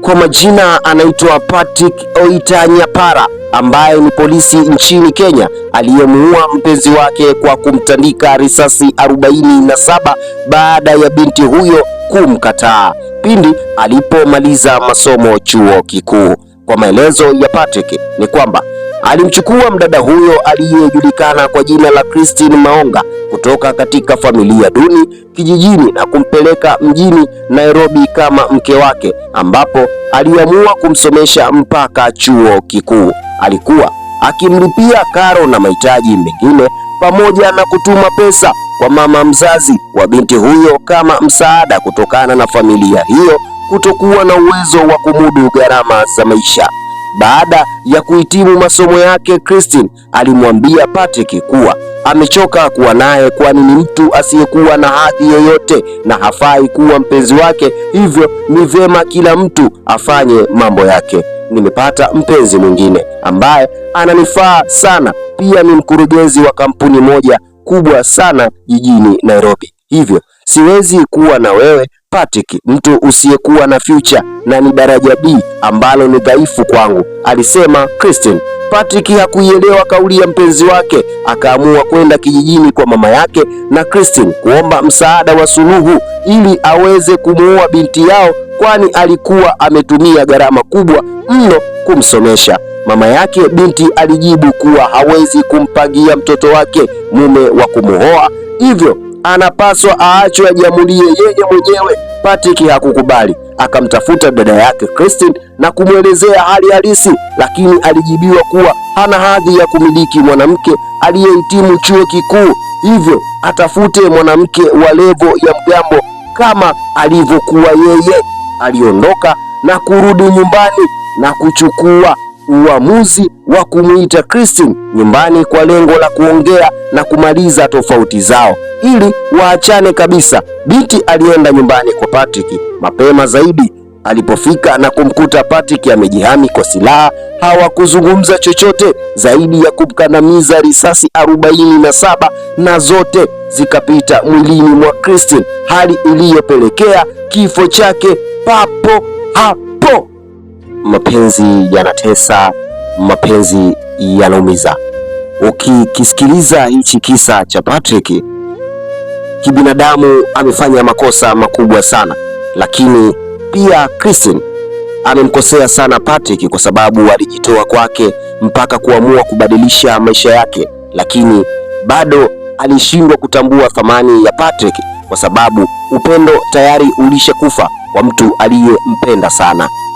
kwa majina anaitwa Patrick Oita Nyapara ambaye ni polisi nchini Kenya aliyemuua mpenzi wake kwa kumtandika risasi 47 baada ya binti huyo kumkataa pindi alipomaliza masomo chuo kikuu. Kwa maelezo ya Patrick ni kwamba Alimchukua mdada huyo aliyejulikana kwa jina la Christine Maonga kutoka katika familia duni kijijini na kumpeleka mjini Nairobi kama mke wake, ambapo aliamua kumsomesha mpaka chuo kikuu. Alikuwa akimlipia karo na mahitaji mengine pamoja na kutuma pesa kwa mama mzazi wa binti huyo kama msaada kutokana na familia hiyo kutokuwa na uwezo wa kumudu gharama za maisha. Baada ya kuhitimu masomo yake, Christine alimwambia Patrick kuwa amechoka kuwa naye, kwani ni mtu asiyekuwa na hadhi yoyote na hafai kuwa mpenzi wake, hivyo ni vyema kila mtu afanye mambo yake. Nimepata mpenzi mwingine ambaye ananifaa sana, pia ni mkurugenzi wa kampuni moja kubwa sana jijini Nairobi, hivyo siwezi kuwa na wewe Patrick, mtu usiyekuwa na future na ni daraja B ambalo ni dhaifu kwangu, alisema Christine. Patrick hakuielewa kauli ya mpenzi wake, akaamua kwenda kijijini kwa mama yake na Christine kuomba msaada wa suluhu ili aweze kumuoa binti yao, kwani alikuwa ametumia gharama kubwa mno kumsomesha. Mama yake binti alijibu kuwa hawezi kumpangia mtoto wake mume wa kumuoa hivyo anapaswa aachwe ajiamulie yeye mwenyewe. Patrick hakukubali, akamtafuta dada yake Christine na kumwelezea hali halisi, lakini alijibiwa kuwa hana hadhi ya kumiliki mwanamke aliyehitimu chuo kikuu, hivyo atafute mwanamke wa levo ya mgambo kama alivyokuwa yeye. Aliondoka na kurudi nyumbani na kuchukua uamuzi wa kumuita Christine nyumbani kwa lengo la kuongea na kumaliza tofauti zao ili waachane kabisa. Binti alienda nyumbani kwa Patrick mapema zaidi. Alipofika na kumkuta Patrick amejihami kwa silaha, hawakuzungumza chochote zaidi ya kumkandamiza risasi arobaini na saba na zote zikapita mwilini mwa Christine, hali iliyopelekea kifo chake papo hapo. Mapenzi yanatesa mapenzi yanaumiza. Ukikisikiliza hichi kisa cha Patrick, kibinadamu amefanya makosa makubwa sana, lakini pia Christine amemkosea sana Patrick kwa sababu alijitoa kwake mpaka kuamua kubadilisha maisha yake, lakini bado alishindwa kutambua thamani ya Patrick kwa sababu upendo tayari ulishakufa kwa mtu aliyempenda sana.